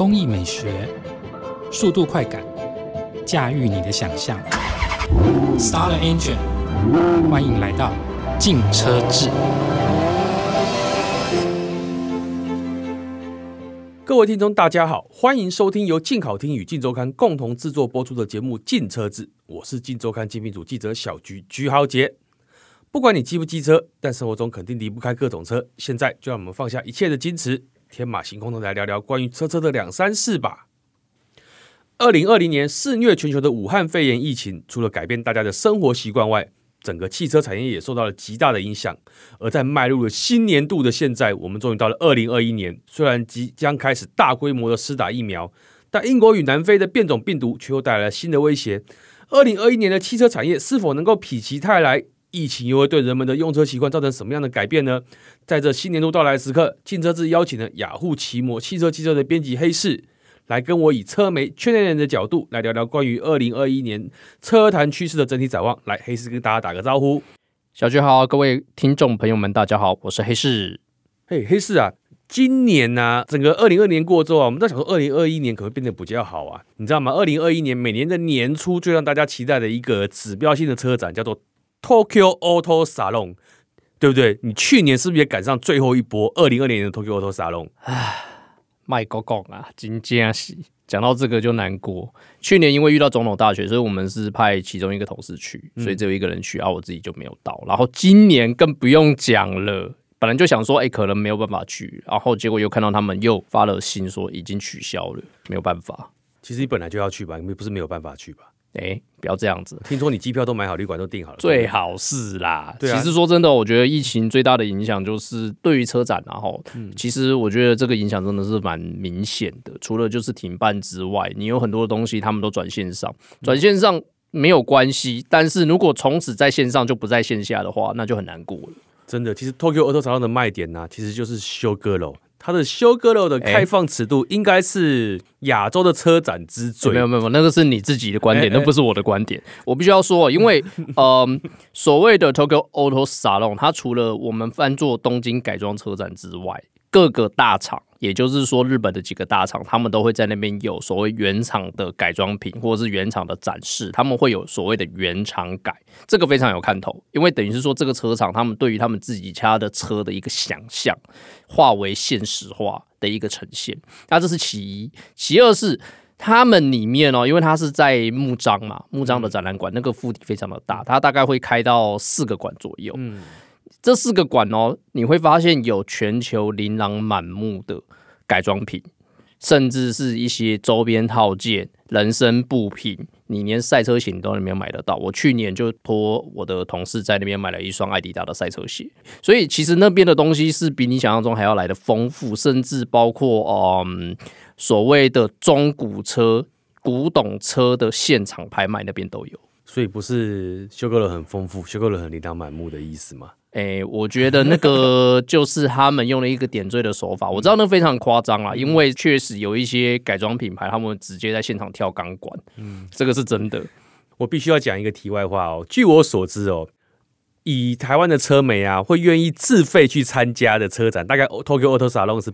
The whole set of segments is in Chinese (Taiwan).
工藝美學、速度快感，駕馭你的想象。Star Engine，歡迎來到《鏡車誌》。各位聽眾，大家好，歡迎收聽由鏡好聽與《鏡週刊》共同制作播出的節目《鏡車誌》，我是《鏡週刊》精品組記者小鞠鞠豪傑。不管你騎不騎車，但生活中肯定離不開各種車。現在就讓我們放下一切的矜持。天馬行空的來聊聊關於車車的兩三事吧。二零二零年肆虐全球的武漢肺炎疫情，除了改變大家的生活習慣外，整個汽車產業也受到了極大的影響。而在邁入了新年度的現在，我們終於到了二零二一年。雖然即將開始大規模的施打疫苗，但英國與南非的變種病毒卻又帶來了新的威脅。二零二一年的汽車產業是否能夠否極泰來？疫情又會對人們的用車習慣造成什麼樣的改變呢？在這新年度到來時刻，新車志邀請了雅虎奇摩汽車汽車的編輯黑市，來跟我以車媒圈內人的角度來聊聊關於二零二一年車壇趨勢的整體展望。來，黑市跟大家打個招呼。小軍好，各位聽眾朋友們，大家好，我是黑市。嘿，黑市啊，今年呢、啊，整個二零二零年過之後啊，我們在想說二零二一年可不可以變得比較好啊？你知道嗎？二零二一年每年的年初最讓大家期待的一個指標性的車展叫做。Tokyo Auto Salon，對不對？你去年是不是也趕上最後一波？二零二零年的 Tokyo Auto Salon，哎，麥克講啊，金佳喜，講到這個就難過。去年因為遇到總統大選，所以我們是派其中一個同事去，嗯、所以只有一個人去，然、啊、後我自己就沒有到。然後今年更不用講了，本來就想說，哎、欸，可能沒有辦法去，然後結果又看到他們又發了信說已經取消了，沒有辦法。其實你本來就要去吧，你不是沒有辦法去吧？哎、欸，不要這樣子！聽說你機票都買好，旅館都訂好了，最好是啦、啊。其實說真的，我覺得疫情最大的影響就是對於車展，然後，嗯，其實我覺得這個影響真的是蠻明顯的。除了就是停辦之外，你有很多東西他們都轉線上，轉線上沒有關係、嗯。但是如果從此在線上就不在線下的話，那就很難過了。真的，其實 Tokyo Auto Salon 的賣點呢、啊，其實就是 Show Girl。它的 Show Girl 的開放尺度應該是亞洲的車展之最、欸哦。沒有沒有，那個是你自己的觀點，欸欸，那不是我的觀點。我必須要說，因為嗯、呃、 所謂的 Tokyo Auto Salon，它除了我們翻做東京改裝車展之外。各個大廠，也就是說日本的幾個大廠，他們都會在那邊有所謂原廠的改裝品，或者是原廠的展示，他們會有所謂的原廠改，這個非常有看頭，因為等於是說這個車廠他們對於他們自己家的車的一個想象，化為現實化的一個呈現。那、啊、這是其一，其二是他們裡面哦，因為它是在幕張嘛，幕張的展覽館，那個腹地非常的大，它大概會開到四個館左右。嗯這四個館哦，你會發現有全球琳琅滿目的改裝品，甚至是一些周邊套件、人身部品，你連賽車鞋都沒有買得到。我去年就托我的同事在那邊買了一雙愛迪達的賽車鞋，所以其實那邊的東西是比你想象中還要來得豐富，甚至包括嗯所謂的中古車、古董車的現場拍賣，那邊都有。所以不是修購了很豐富，修購了很琳琅滿目的意思嗎？哎、欸，我覺得那個就是他們用了一個點綴的手法。我知道那非常誇張啊，因為確實有一些改裝品牌，他們直接在現場跳鋼管。嗯，這個是真的。我必須要講一個題外話哦。據我所知哦，以台灣的車媒啊，會願意自費去參加的車展，大概 Tokyo Auto Salon 是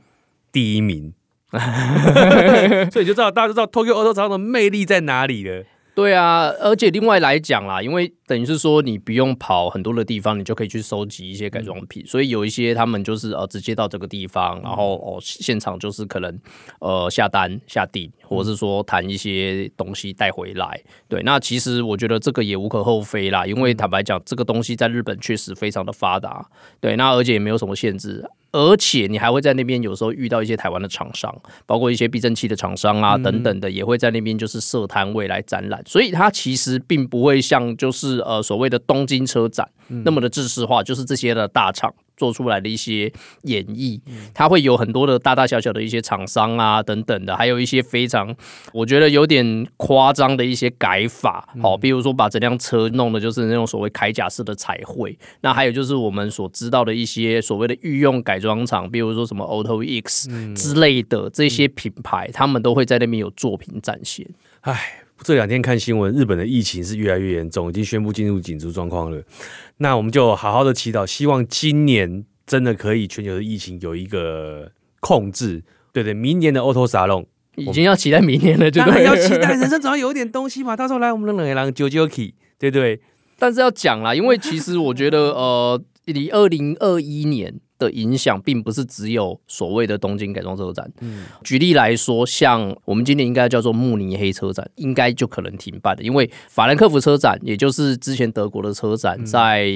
第一名。 所以就知道大家都知道 Tokyo Auto Salon 的魅力在哪裡了。對啊，而且另外來講啦，因為。等於是說，你不用跑很多的地方，你就可以去收集一些改裝品。所以有一些他們就是呃，直接到這個地方，然後哦、呃，現場就是可能呃下單下訂，或者是說談一些東西帶回來。對，那其實我覺得這個也無可厚非啦，因為坦白講，這個東西在日本確實非常的發達。對，那而且也沒有什麼限制，而且你還會在那邊有時候遇到一些台灣的廠商，包括一些避震器的廠商啊等等的，也會在那邊就是設攤位來展覽。所以它其實並不會像就是，呃，所謂的東京車展，嗯，那麼的制式化，就是這些的大廠做出來的一些演繹，嗯，它會有很多的大大小小的一些廠商啊等等的，還有一些非常我覺得有點誇張的一些改法，好，嗯，哦，比如說把整輛車弄的就是那種所謂鎧甲式的彩繪，嗯，那還有就是我們所知道的一些所謂的御用改裝廠，比如說什麼 Auto X 之類的，嗯，這些品牌，他，嗯，們都會在那邊有作品展現。唉。這兩天看新聞，日本的疫情是越來越嚴重，已經宣布進入緊急狀況了。那我們就好好的祈禱，希望今年真的可以全球的疫情有一個控制。對對，明年的 Auto Salon 已經要期待明年了，對不對？要期待，人生總要有點東西嘛。 到時候來我們的兩個人揪揪去對不對？但是要講啦，因為其實我覺得， 呃，離二零二一年。的影響並不是只有所謂的東京改裝車展、嗯。舉例來說，像我們今年應該叫做慕尼黑車展，應該就可能停辦的。因為法蘭克福車展，也就是之前德國的車展，在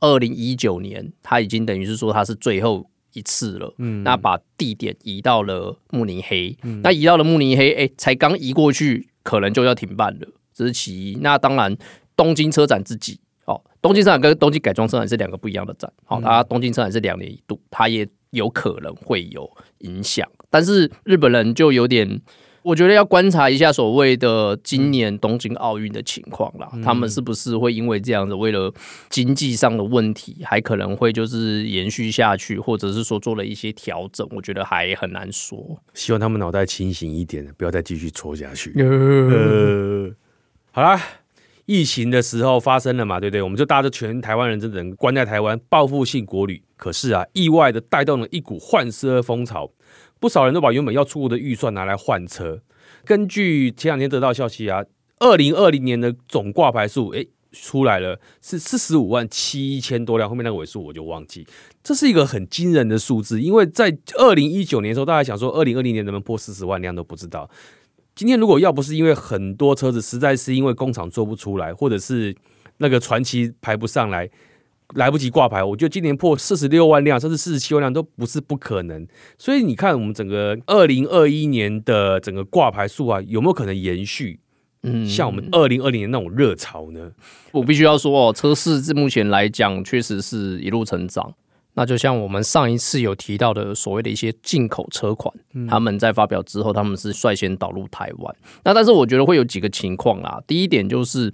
二零一九年，它已經等於是說它是最後一次了。嗯，那把地點移到了慕尼黑。嗯，那移到了慕尼黑，哎、欸，才剛移過去，可能就要停辦了，這是其一。那當然，東京車展自己。哦、東京車展跟東京改裝車展是兩個不一樣的展。好、哦，它、啊、東京車展是兩年一度，它也有可能會有影響。但是日本人就有點，我覺得要觀察一下所謂的今年東京奧運的情況啦、嗯。他們是不是會因為這樣子，為了經濟上的問題，還可能會就是延續下去，或者是說做了一些調整？我覺得還很難說。希望他們腦袋清醒一點，不要再繼續錯下去、呃。好啦。疫情的時候發生了嘛，對不對？我們就搭着全台灣人的人關在台灣，報復性國旅。可是啊，意外的帶動了一股換車風潮，不少人都把原本要出國的預算拿來換車。根據前兩天得到消息啊，二零二零年的總掛牌數誒出來了，是四十五萬七千多輛，後面那個尾數我就忘記。這是一個很驚人的數字，因為在二零一九年的時候，大家想說二零二零年能不能破四十萬輛都不知道。今天如果要不是因為很多車子實在是因為工廠做不出來，或者是那個傳奇排不上來，來不及掛牌，我覺得今年破四十六萬輛甚至四十七萬輛都不是不可能。所以你看，我們整個二零二一年的整個掛牌數啊，有沒有可能延續？嗯，像我們二零二零年那種熱潮呢？我必須要說哦，車市至目前來講，確實是一路成長。那就像我們上一次有提到的，所謂的一些進口車款，他們在發表之後，他們是率先導入台灣。那但是我覺得會有幾個情況啊。第一點就是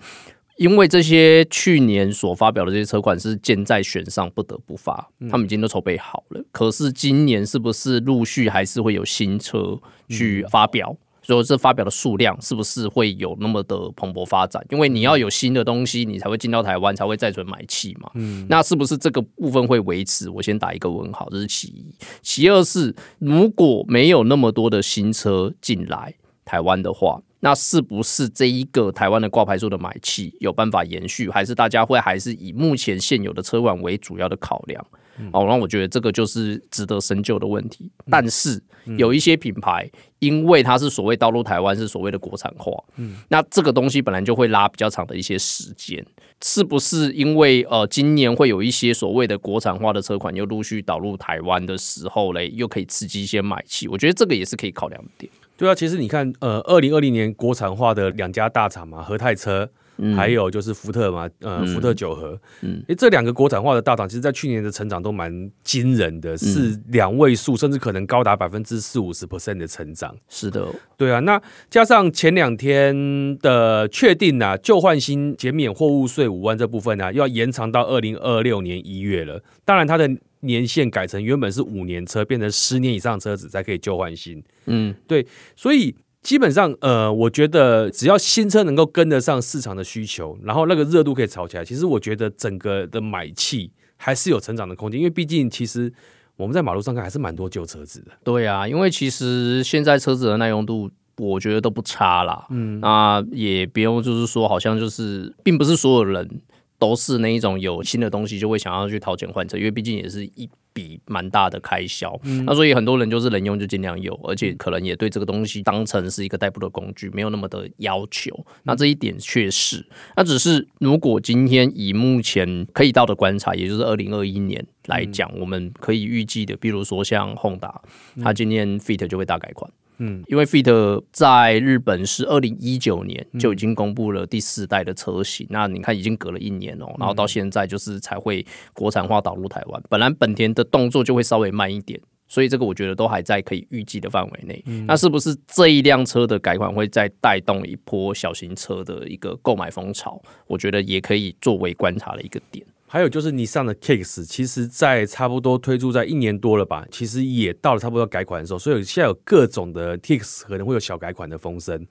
因為這些去年所發表的這些車款是箭在弦上，不得不發，他們已經都籌備好了、嗯。可是今年是不是陸續還是會有新車去發表？嗯所以這發表的數量是不是會有那麼的蓬勃發展？因為你要有新的東西，你才會進到台灣，才會再存買氣嘛。那是不是這個部分會維持？我先打一個問號，這是其一。其二是如果沒有那麼多的新車進來台灣的話，那是不是這一個台灣的掛牌數的買氣有辦法延續？還是大家會還是以目前現有的車款為主要的考量？嗯、哦，那我覺得這個就是值得深究的問題但是有一些品牌，嗯嗯、因為它是所謂導入台灣，是所謂的國產化、嗯，那這個東西本來就會拉比較長的一些時間。是不是因為呃，今年會有一些所謂的國產化的車款又陸續導入台灣的時候嘞，又可以刺激一些買氣？我覺得這個也是可以考量的點。對啊，其實你看，呃，二零二零年國產化的兩家大廠嘛，和泰車。嗯、還有就是福特嘛，呃，嗯、福特六和。嗯，這兩個國產化的大廠，其實，在去年的成長都蠻驚人的，是兩位數，甚至可能高達百分之四五十 percent 的成長。是的，嗯，對啊，那加上前兩天的確定吶，啊，舊換新減免貨物稅五萬這部分呢，啊，又要延長到二零二六年一月了。當然，它的年限改成原本是五年車，變成十年以上車子才可以舊換新。嗯，對，所以。基本上，呃，我覺得只要新車能夠跟得上市場的需求，然後那個熱度可以炒起來，其實我覺得整個的買氣還是有成長的空間。因為畢竟，其實我們在馬路上看還是蠻多舊車子的。對啊，因為其實現在車子的耐用度我覺得都不差啦。嗯，那也不用就是說，好像就是並不是所有人都是那一種有新的東西就會想要去掏錢換車，因為畢竟也是一。比蠻大的開銷、嗯，那所以很多人就是能用就盡量用，而且可能也對這個東西當成是一個代步的工具，沒有那麼的要求。那這一點確實，那只是如果今天以目前可以到的觀察，也就是二零二一年來講、嗯，我們可以預計的，比如說像 Honda、嗯，他它今天 Fit 就會大改款。嗯，因為 Fit 在日本是二零一九年就已經公布了第四代的車型，嗯、那你看已經隔了一年哦、嗯，然後到現在就是才會國產化導入台灣，本來本田的動作就會稍微慢一點，所以這個我覺得都還在可以預計的範圍內。嗯、那是不是這一輛車的改款會再帶動一波小型車的一個購買風潮？我覺得也可以作為觀察的一個點。還有就是，尼桑的 Kicks 其實，在差不多推出在一年多了吧，其實也到了差不多要改款的時候，所以現在有各種的 Kicks 可能會有小改款的風聲。誒、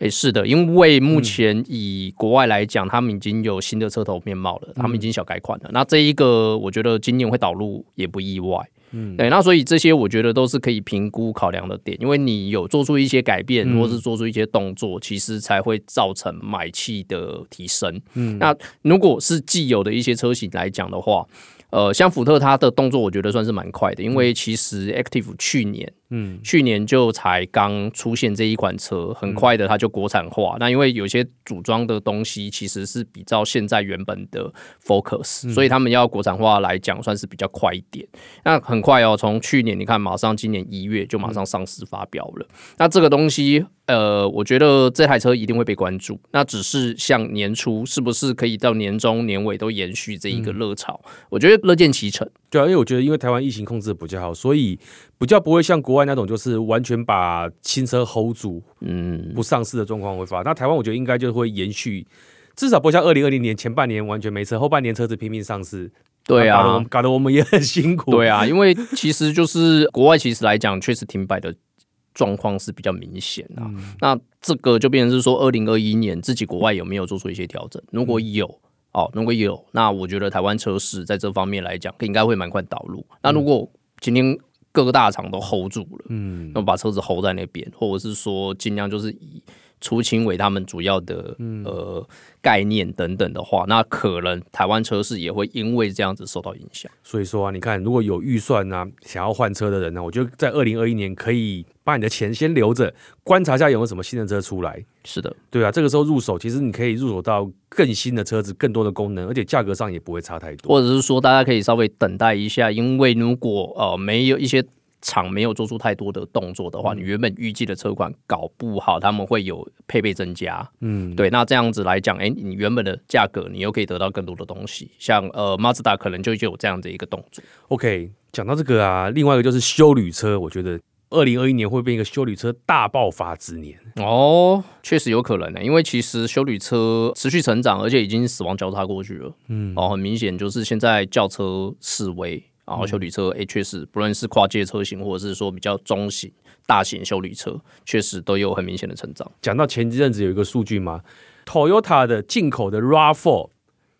欸，是的，因為目前以國外來講、嗯，他們已經有新的車頭面貌了，他們已經小改款了。嗯、那這一個，我覺得今年會導入也不意外。嗯，對，那所以這些我覺得都是可以評估考量的點，因為你有做出一些改變，或是做出一些動作，其實才會造成買氣的提升。嗯，那如果是既有的一些車型來講的話，呃，像福特它的動作我覺得算是蠻快的，因為其實 Active 去年。嗯，去年就才剛出現這一款車，很快的它就國產化。嗯、那因為有些組裝的東西其實是比照現在原本的 Focus，嗯、所以他們要國產化來講算是比較快一點。那很快哦，從去年你看，馬上今年一月就馬上上市發表了，嗯。那這個東西，呃，我覺得這台車一定會被關注。那只是像年初，是不是可以到年中年尾都延續這一個熱潮？嗯、我覺得樂見其成。對、啊，因為我覺得，因為台灣疫情控制比較好，所以比較不會像國外那種，就是完全把新車 Hold 住，嗯，不上市的狀況會發、嗯。那台灣我覺得應該就會延續，至少不像二零二零年前半年完全沒車，後半年車子拼命上市。對啊，啊搞，搞得我們也很辛苦。對啊，因為其實就是國外其實來講，確實停擺的狀況是比較明顯的、啊嗯。那這個就變成是說，二零二一年自己國外有沒有做出一些調整？如果有？嗯哦，如果有，那我覺得台灣車市在這方面來講，應該會蠻快導入。嗯。那如果今天各個大廠都 hold 住了，嗯，那我把車子 hold 在那邊，或者是說儘量就是以。出清為他們主要的呃、嗯、概念等等的話，那可能台灣車市也會因為這樣子受到影響。所以說啊，你看如果有預算啊，想要換車的人呢、啊，我覺得在二零二一年可以把你的錢先留着，觀察一下有沒有什麼新的車出來。是的，對啊，這個時候入手，其實你可以入手到更新的車子，更多的功能，而且價格上也不會差太多。或者是說，大家可以稍微等待一下，因為如果哦、呃、沒有一些。廠沒有做出太多的動作的話，你原本預計的車款搞不好他們會有配備增加，嗯，對，那這樣子來講，哎、欸，你原本的價格你又可以得到更多的東西，像呃，馬自達可能就有這樣的一個動作。OK，講到這個啊，另外一個就是休旅車，我覺得二零二一年會不會變一個休旅車大爆發之年哦，確實有可能呢、欸，因為其實休旅車持續成長，而且已經死亡交叉過去了，嗯，哦，很明顯就是現在轎車式微。然後休旅車，哎，確實，不論是跨界車型，或者是說比較中型、大型休旅車，確實都有很明顯的成長。講到前一陣子有一個數據嘛，Toyota 的進口的 Rav4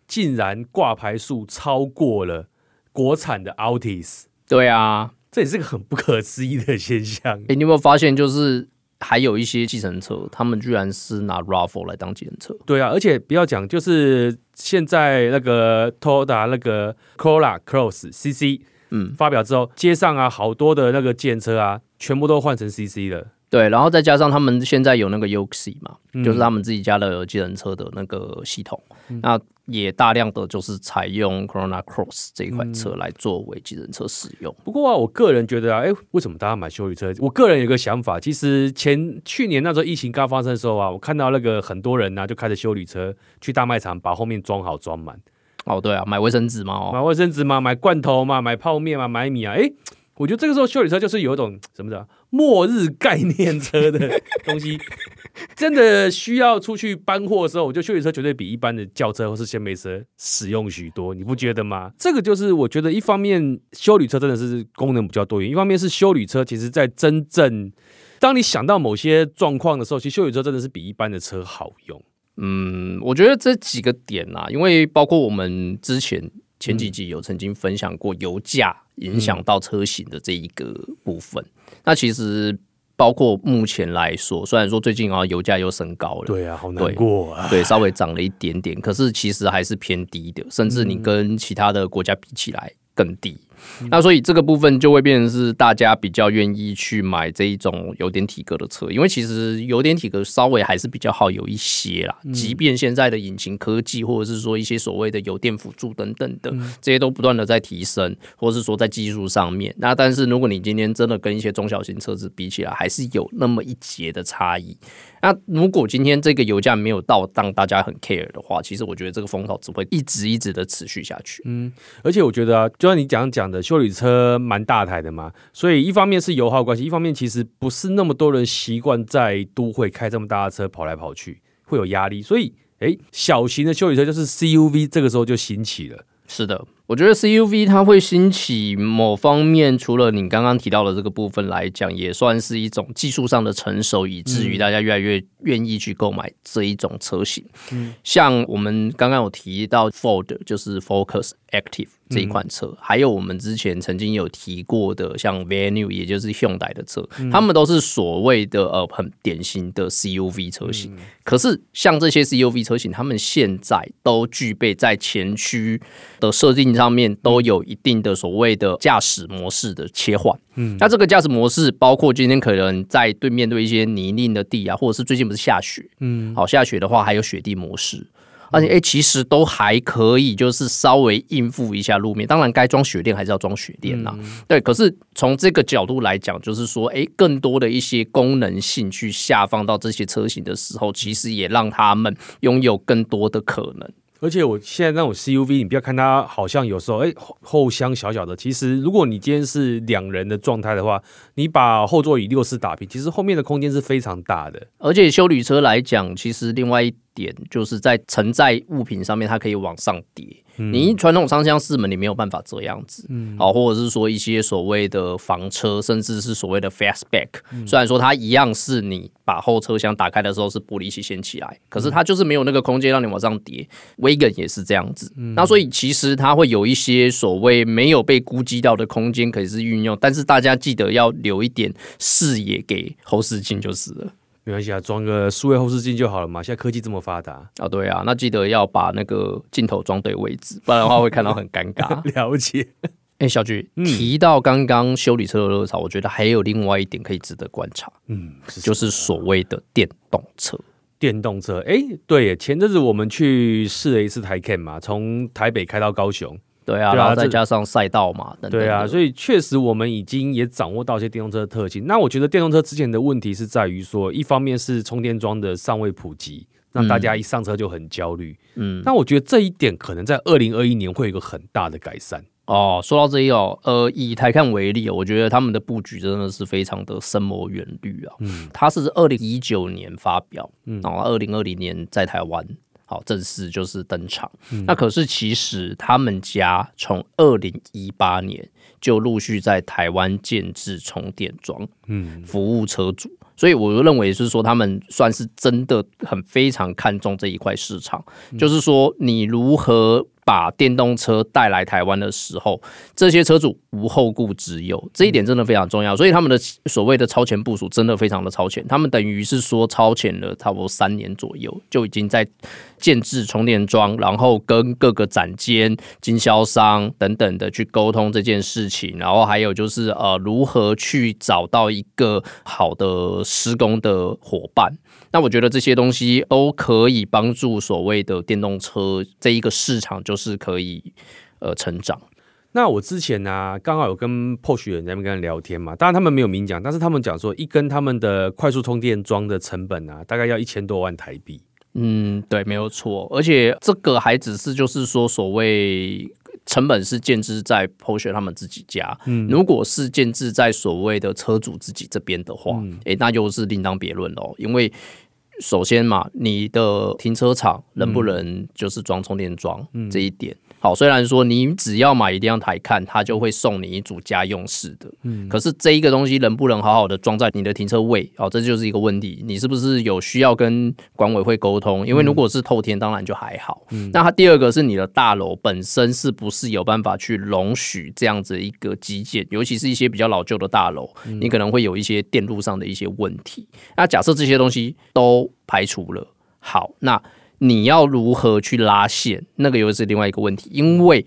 竟然掛牌數超過了國產的 Altis。對啊，這也是個很不可思議的現象。誒，你有沒有發現，就是還有一些計程車，他們居然是拿 Rav4 來當計程車？對啊，而且不要講，就是。現在那個 Toyota 那個 Corolla Cross CC，嗯，發表之後，嗯、街上啊好多的那個轎車啊，全部都換成 CC 了。對，然後再加上他們現在有那個 u c 嘛，就是他們自己家的、嗯、計程車的那個系統、嗯，那也大量的就是採用 Corona Cross 這一款車來作為計程車，車使用。不過啊，我個人覺得啊，哎，為什麼大家買休旅車？我個人有個想法，其實前去年那時候疫情剛發生的時候啊，我看到那個很多人呢、啊、就開着休旅車去大賣場把後面裝好裝滿。哦，對啊，買衛生紙嘛、哦，買衛生紙嘛，買罐頭嘛，買泡麵嘛，買米啊，哎。我覺得這個時候休旅車就是有一種什麼的、啊、末日概念車的東西，真的需要出去搬貨的時候，我覺得休旅車絕對比一般的轎車或是掀背車實用許多，你不覺得嗎？這個就是我覺得一方面休旅車真的是功能比較多，一方面是休旅車其實在真正當你想到某些狀況的時候，其實休旅車真的是比一般的車好用。嗯，我覺得這幾個點啊，因為包括我們之前。前幾集有曾經分享過油價影響到車型的這一個部分。嗯，那其實包括目前來說，雖然說最近啊油價又升高了，對啊，好難過啊，對，對，稍微漲了一點點， 可是其實還是偏低的，甚至你跟其他的國家比起來更低。那所以這個部分就會變成是大家比較願意去買這一種有點體格的車，因為其實有點體格稍微還是比較耗油一些啦。即便現在的引擎科技或者是說一些所謂的油電輔助等等的這些都不斷的在提升，或者是說在技術上面。那但是如果你今天真的跟一些中小型車子比起來，還是有那麼一截的差異。那如果今天這個油價沒有到讓大家很 care 的話，其實我覺得這個風潮只會一直一直的持續下去。嗯，而且我覺得啊，就像你講講。的休旅車蠻大台的嘛，所以一方面是油耗關係，一方面其實不是那麼多人習慣在都會開這麼大的車跑來跑去，會有壓力。所以，誒，小型的休旅車就是 CUV，這個時候就興起了。是的，我覺得 CUV 它會興起某方面，除了你剛剛提到的這個部分來講，也算是一種技術上的成熟，以至於大家越來越願意去購買這一種車型。像我們剛剛有提到 Ford，就是 Focus Active。這一款車、嗯，還有我們之前曾經有提過的，像 Venue 也就是 Hyundai 的車、嗯，他們都是所謂的呃很典型的 CUV 車型、嗯。可是像這些 CUV 車型，他們現在都具備在前驅的設定上面、嗯、都有一定的所謂的駕駛模式的切換。嗯，那這個駕駛模式包括今天可能在對面對一些泥濘的地啊，或者是最近不是下雪？嗯，好，下雪的話還有雪地模式。而且哎、欸，其實都還可以，就是稍微應付一下路面。當然，該裝雪墊還是要裝雪墊吶、啊。嗯、對，可是從這個角度來講，就是說，哎、欸，更多的一些功能性去下放到這些車型的時候，其實也讓他們擁有更多的可能。而且，我現在那種 C U V，你不要看它好像有時候哎、欸、後箱小小的，其實如果你今天是兩人的狀態的話，你把後座椅六四打平，其實後面的空間是非常大的。而且，休旅車來講，其實另外。點就是在承載物品上面，它可以往上疊。你傳統三廂四門，你沒有辦法這樣子，好，或者是說一些所謂的房車，甚至是所謂的 fastback，雖然說它一樣是你把後車廂打開的時候是玻璃先掀起來，可是它就是沒有那個空間讓你往上疊。Wagon 也是這樣子，那所以其實它會有一些所謂沒有被估計到的空間可以是運用，但是大家記得要留一點視野給後視鏡就是了。沒關係啊，裝個數位後視鏡就好了嘛。現在科技這麼發達啊，對啊，那記得要把那個鏡頭裝對位置，不然的話會看到很尷尬。 了解。哎、欸，小菊、嗯、提到剛剛休旅車的熱潮，我覺得還有另外一點可以值得觀察，嗯，是就是所謂的電動車。電動車，哎、欸，對耶，前陣子我們去試了一次 Taycan 嘛，從台北開到高雄。對啊，對啊，然後再加上賽道嘛對、啊等等，對啊，所以確實我們已經也掌握到一些電動車的特性。那我覺得電動車之前的問題是在於說，一方面是充電樁的尚未普及，讓大家一上車就很焦慮。嗯，那我覺得這一點可能在二零二一年會有一個很大的改善。嗯嗯、哦，說到這裡哦，呃，以台刊為例，我覺得他們的布局真的是非常的深謀遠慮啊。嗯，他是二零一九年發表，嗯、然後二零二零年在台灣。正式就是登場，嗯，那可是其實他們家從二零一八年就陸續在台灣建置充電樁，嗯，服務車主，所以我就認為就是說他們算是真的很非常看重這一塊市場，嗯，就是說你如何。把電動車帶來台灣的時候，這些車主無後顧之憂，這一點真的非常重要。所以他們的所謂的超前部署真的非常的超前，他們等於是說超前了差不多三年左右，就已經在建置充電樁，然後跟各個展間、經銷商等等的去溝通這件事情。然後還有就是呃，如何去找到一個好的施工的夥伴？那我覺得這些東西都可以幫助所謂的電動車這一個市場就。都、就是可以呃成長。那我之前呢、啊，剛好有跟 Porsche 人在那邊聊天嘛，當然他們沒有明講，但是他們講說，一跟他們的快速充電樁的成本啊，大概要一千多萬台幣。嗯，對，沒有錯。而且這個還只是就是說，所謂成本是建置在 Porsche 他們自己家。嗯，如果是建置在所謂的車主自己這邊的話，哎、嗯欸，那就是另當別論嘍，因為。首先嘛，你的停車場能不能就是裝充電樁這一點？嗯好，雖然說你只要買，一輛台看，它就會送你一組家用式的、嗯。可是這一個東西能不能好好的裝在你的停車位？哦，這就是一個問題。你是不是有需要跟管委會溝通？因為如果是透天，嗯、當然就還好、嗯。那它第二個是你的大樓本身是不是有辦法去容許這樣子一個基建？尤其是一些比較老舊的大樓，你可能會有一些電路上的一些問題。嗯、那假設這些東西都排除了，好，那。你要如何去拉線，那個又是另外一個問題，因為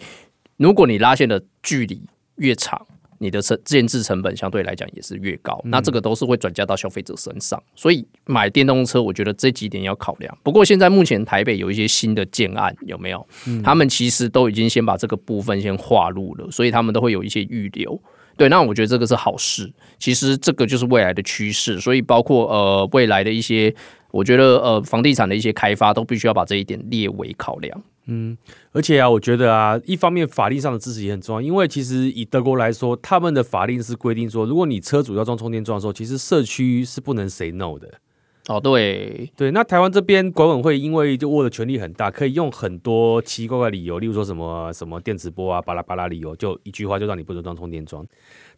如果你拉線的距離越長，你的成建制成本相對來講也是越高，嗯，那這個都是會轉嫁到消費者身上。所以買電動車，我覺得這幾點要考量。不過現在目前台北有一些新的建案，有沒有？嗯，他們其實都已經先把這個部分先劃入了，所以他們都會有一些預留。對，那我覺得這個是好事。其實這個就是未來的趨勢，所以包括呃未來的一些。我覺得呃，房地產的一些開發都必須要把這一點列為考量。嗯，而且啊，我覺得啊，一方面法律上的支持也很重要，因為其實以德國來說，他們的法令是規定說，如果你車主要裝充電樁的時候，其實社區是不能 say no 的。哦，對對，那台灣這邊管委會因為就握的權力很大，可以用很多奇奇怪怪理由，例如說什麼什麼電磁波啊、巴拉巴拉理由，就一句話就讓你不能裝充電樁。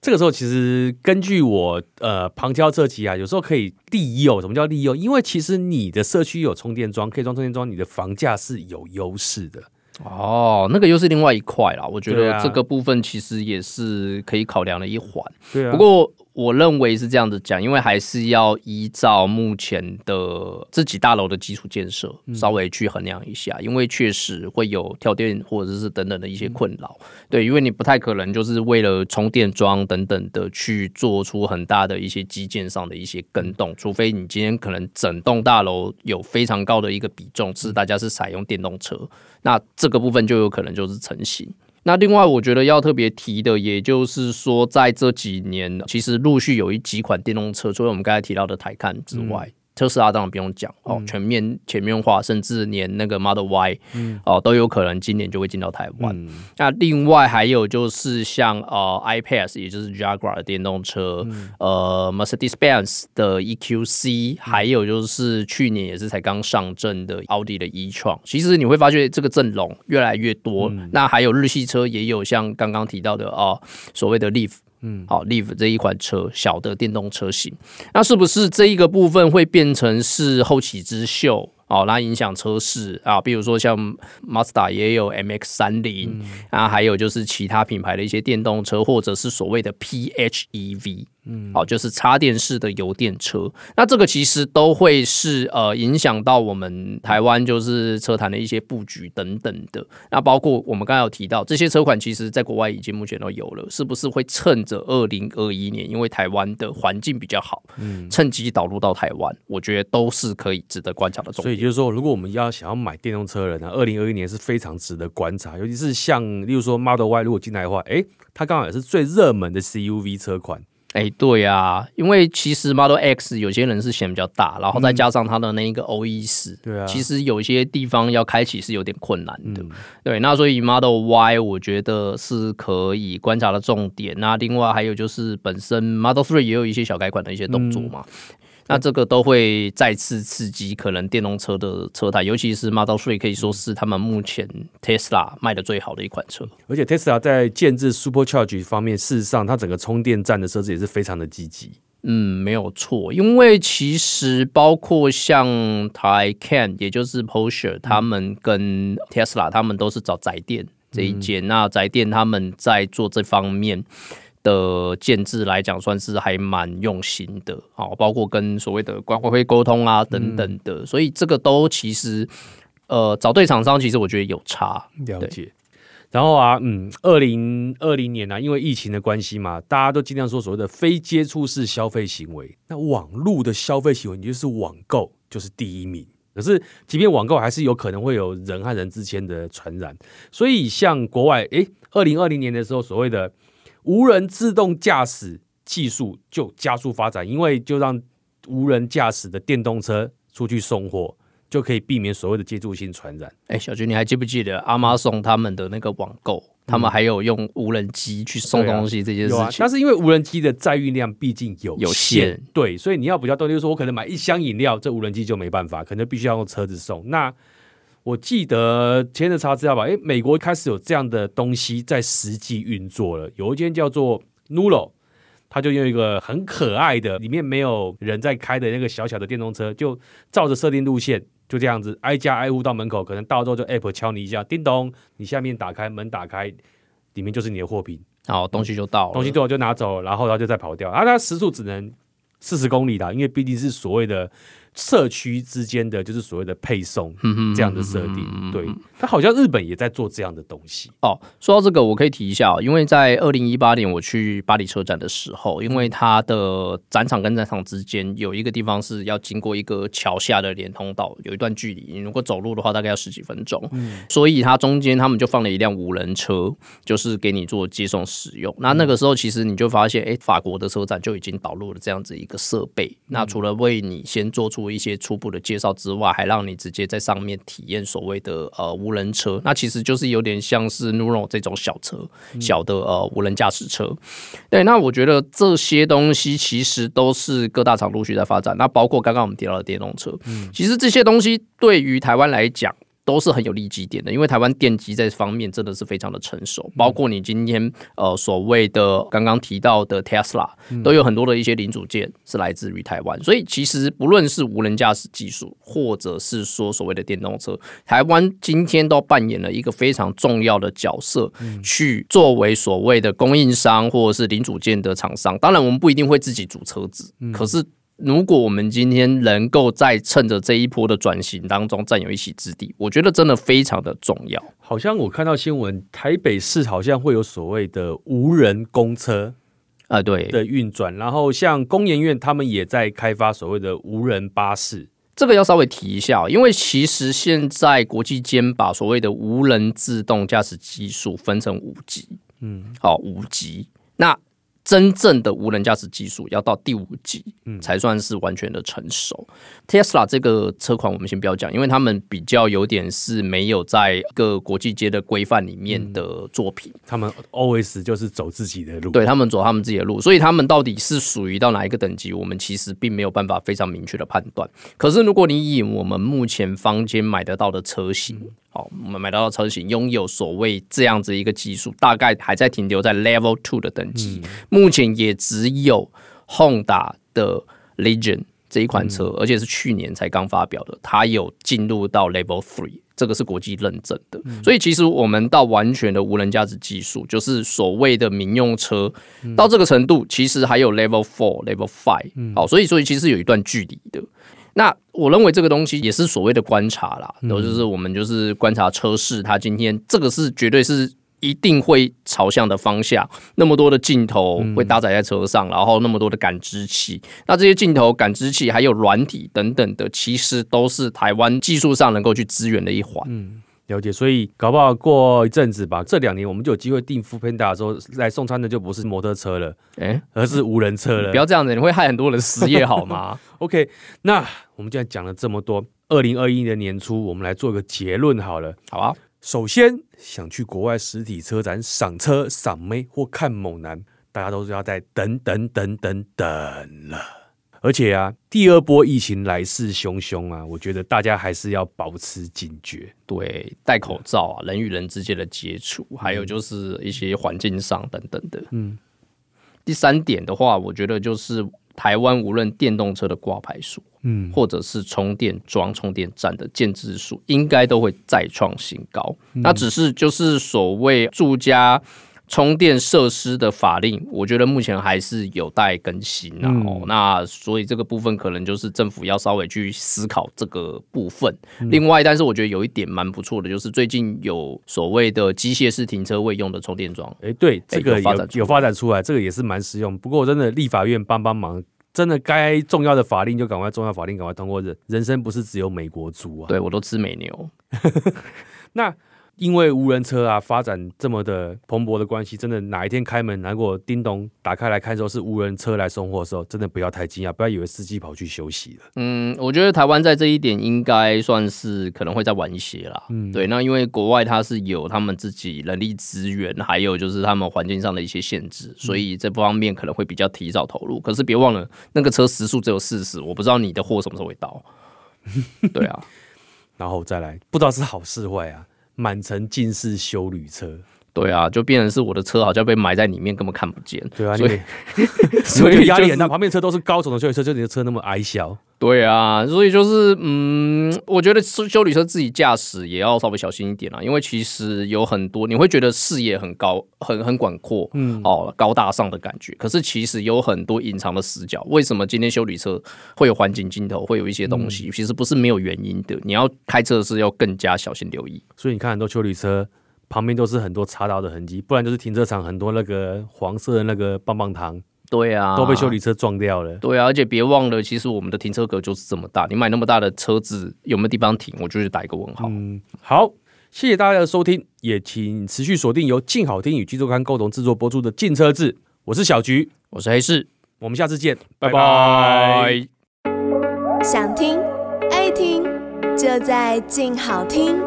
這個時候其實根據我呃旁敲側擊啊，有時候可以利誘。什麼叫利誘？因為其實你的社區有充電樁，可以裝充電樁，你的房價是有優勢的。哦，那個又是另外一塊啦。我覺得這個部分其實也是可以考量的一環。對啊，不過。我認為是這樣子講，因為還是要依照目前的自己大樓的基礎建設稍微去衡量一下，嗯。因為確實會有跳電或者是等等的一些困擾，嗯。對，因為你不太可能就是為了充電樁等等的去做出很大的一些基建上的一些更動，除非你今天可能整棟大樓有非常高的一個比重是大家是採用電動車，那這個部分就有可能就是成型。那另外，我覺得要特別提的，也就是說，在這幾年，其實陸續有一幾款電動車，除了我們剛才提到的 Taycan 之外，嗯。特斯拉，當然不用講哦，全面全面化，甚至連那個 Model Y、嗯、哦都有可能今年就會進到台灣、嗯。那另外還有就是像呃，I-Pace 也就是 Jaguar 的電動車，嗯、呃，Mercedes Benz 的 EQC、嗯、還有就是去年也是才剛上陣的奧迪的 e-tron。其實你會發覺這個陣容越來越多、嗯。那還有日系車也有像剛剛提到的啊、呃，所謂的 Leaf。嗯，好、哦、Live 這一款車小的電動車型，那是不是這一個部分會變成是後起之秀哦，那影響車市啊、哦？比如說像 Mazda 也有 MX 三、嗯、零啊，還有就是其他品牌的一些電動車，或者是所謂的 PHEV。嗯，好，就是插電式的油電車，那這個其實都會是呃影響到我們台灣就是車壇的一些布局等等的。那包括我們剛才有提到，這些車款其實在國外已經目前都有了，是不是會趁着二零二一年，因為台灣的環境比較好，嗯，趁機導入到台灣？我覺得都是可以值得觀察的重點。所以就是說，如果我們要想要買電動車的人呢、啊，二零二一年是非常值得觀察，尤其是像例如說 Model Y 如果進來的話，哎、欸，它剛好也是最熱門的 CUV 車款。哎、欸，對啊，因為其實 Model X 有些人是嫌比較大，然後再加上它的那一個 OES，對啊，其實有些地方要開啟是有點困難的、嗯。對，那所以 Model Y 我覺得是可以觀察的重點。那另外還有就是本身 Model Three 也有一些小改款的一些動作嘛。嗯那這個都會再次刺激可能電動車的車台，尤其是 Model Three 可以說是他們目前 Tesla 賣的最好的一款車，而且 Tesla 在建置 Supercharge 方面，事實上它整個充電站的設置也是非常的積極。嗯，沒有錯，因為其實包括像 Taycan 也就是 Porsche，他們跟 Tesla 他們都是找宅電這一間、嗯，那宅電他們在做這方面。的建制來講，算是還蠻用心的好，包括跟所謂的管委會溝通啊等等的，所以這個都其實呃找對廠商，其實我覺得有差了解。然後啊，嗯，二零二零年呢、啊，因為疫情的關係嘛，大家都盡量說所謂的非接觸式消費行為，那網絡的消費行為你就是網購就是第一名。可是，即便網購還是有可能會有人和人之間的傳染，所以像國外，哎、欸，二零二零年的時候所謂的。無人自動駕駛技術就加速發展，因為就讓無人駕駛的電動車出去送貨，就可以避免所謂的接觸性傳染。哎、欸，小軍，你還記不記得 Amazon 他們的那個網購、嗯？他們還有用無人機去送東西這件事情？但是因為無人機的載運量畢竟有限，有限，對，所以你要比較多，就是說我可能買一箱飲料，這無人機就沒辦法，可能必須要用車子送那。我記得前陣查資料吧，誒、欸，美國開始有這樣的東西在實際運作了。有一間叫做 Nuro，它就用一個很可愛的，裡面沒有人在開的那個小小的電動車，就照着設定路線，就這樣子挨家挨戶到門口，可能到之後就 App 敲你一下，叮咚，你下面打開門打開，裡面就是你的貨品，好，東西就到了，東西到我就拿走了，然後它就再跑掉。啊，它時速只能四十公里的，因為畢竟是所謂的。社區之間的就是所謂的配送這樣的設定，對，它好像日本也在做這樣的東西、嗯。嗯嗯、哦，說到這個，我可以提一下、哦，因為在二零一八年我去巴黎車展的時候，因為它的展場跟展場之間有一個地方是要經過一個橋下的連通道，有一段距離，你如果走路的話，大概要十幾分鐘。嗯，所以它中間他們就放了一輛無人車，就是給你做接送使用。那那個時候，其實你就發現，哎，法國的車展就已經導入了這樣子一個設備。那除了為你先做出一些初步的介紹之外，還讓你直接在上面體驗所謂的呃無人車，那其實就是有點像是 Nuro 這種小車、嗯、小的呃無人駕駛車。對，那我覺得這些東西其實都是各大廠陸續在發展。那包括剛剛我們提到的電動車，嗯、其實這些東西對於台灣來講。都是很有利基點的，因為台灣電機在這方面真的是非常的成熟，嗯、包括你今天呃所謂的剛剛提到的 Tesla，嗯、都有很多的一些零組件是來自於台灣，所以其實不論是無人駕駛技術，或者是說所謂的電動車，台灣今天都扮演了一個非常重要的角色，嗯、去作為所謂的供應商或者是零組件的廠商。當然，我們不一定會自己組車子，嗯、可是。如果我們今天能夠在趁着這一波的轉型當中佔有一席之地，我覺得真的非常的重要。好像我看到新聞，台北市好像會有所謂的無人公車啊，對的運轉。然後像工研院他們也在開發所謂的無人巴士，這個要稍微提一下，因為其實現在國際間把所謂的無人自動駕駛技術分成五級，嗯，好，五級。那。真正的無人駕駛技術要到第五級，嗯，才算是完全的成熟。Tesla、嗯、這個車款我們先不要講，因為他們比較有點是沒有在一個國際間的規範裡面的作品，嗯，他們 OS 就是走自己的路，對，他們走他們自己的路，所以他們到底是屬於到哪一個等級，我們其實並沒有辦法非常明確的判斷。可是如果你以我們目前坊間買得到的車型，嗯好，我們買到的車型擁有所謂這樣子一個技術，大概還在停留在 Level Two 的等級，嗯。目前也只有 Honda 的 Legend 這一款車，嗯，而且是去年才剛發表的，它有進入到 Level Three，這個是國際認證的、嗯。所以其實我們到完全的無人駕駛技術，就是所謂的民用車，嗯，到這個程度，其實還有 Level Four、Level，嗯，Five。好，所以所以其實是有一段距離的。那我認為這個東西也是所謂的觀察啦，然後就是我們就是觀察車市，它今天這個是絕對是一定會朝向的方向。那麼多的鏡頭會搭載在車上，然後那麼多的感知器，那這些鏡頭、感知器還有軟體等等的，其實都是台灣技術上能夠去支援的一環。嗯。了解，所以搞不好過一陣子吧，這兩年我們就有機會訂 foodpanda 的時候來送餐的就不是摩托車了，欸、而是無人車了。不要這樣子，你會害很多人失業好嗎 ？OK，那我們現在講了這麼多，二零二一年年初我們來做一個結論好了。好啊，首先想去國外實體車展賞車，賞車，賞妹或看猛男，大家都是要再等，等等等等等了。而且啊，第二波疫情來勢洶洶啊，我覺得大家還是要保持警覺，對，戴口罩啊，人與人之間的接觸、嗯，還有就是一些環境上等等的、嗯。第三點的話，我覺得就是台灣無論電動車的掛牌數、嗯，或者是充電樁、充電站的建置數，應該都會再創新高、嗯。那只是就是所謂住家。充電設施的法令，我覺得目前還是有待更新、哦，然、嗯、那所以這個部分可能就是政府要稍微去思考這個部分。嗯、另外，但是我覺得有一點蠻不錯的，就是最近有所謂的機械式停車位用的充電樁，誒、欸，對，這個有，、欸、有，發有發展出來，這個也是蠻實用。不過我真的立法院幫幫忙，真的該重要的法令就趕快重要法令趕快通過人。人生不是只有美國豬啊，對我都吃美牛。 那。因為無人車啊發展這麼的蓬勃的關係，真的哪一天開門，如果叮咚打開來看的時候是無人車來送貨的時候，真的不要太驚訝，不要以為司機跑去休息了。嗯，我覺得台灣在這一點應該算是可能會再晚一些啦。嗯，對，那因為國外它是有他們自己人力資源，還有就是他們環境上的一些限制，嗯，所以這方面可能會比較提早投入。可是別忘了那個車時速只有四十，我不知道你的貨什麼時候會到。 對啊，然後再來，不知道是好是壞啊。滿城盡是休旅車。對啊，就變成是我的車好像被埋在裡面，根本看不見。對啊，所以 所以壓力很大。旁邊車都是高聳的休旅車，就你的車那麼矮小。對啊，所以就是、啊以就是、嗯，我覺得修休旅車自己駕駛也要稍微小心一點啊，因為其實有很多你會覺得視野很高、很很廣闊、嗯、哦高大上的感覺，可是其實有很多隱藏的死角。為什麼今天休旅車會有環景鏡頭，會有一些東西、嗯？其實不是沒有原因的。你要開車是要更加小心留意。所以你看很多休旅車。旁邊都是很多擦到的痕迹，不然就是停車場很多那個黃色的那個棒棒糖，對啊，都被修理車撞掉了。對啊，而且別忘了，其實我們的停車格就是這麼大，你買那麼大的車子有沒有地方停？我就是打一個問號。嗯，好，謝謝大家的收聽，也請持續鎖定由鏡好聽與《鏡週刊》共同制作播出的《鏡車誌》，我是小菊，我是黑市，我們下次見，拜拜。想聽愛聽就在鏡好聽。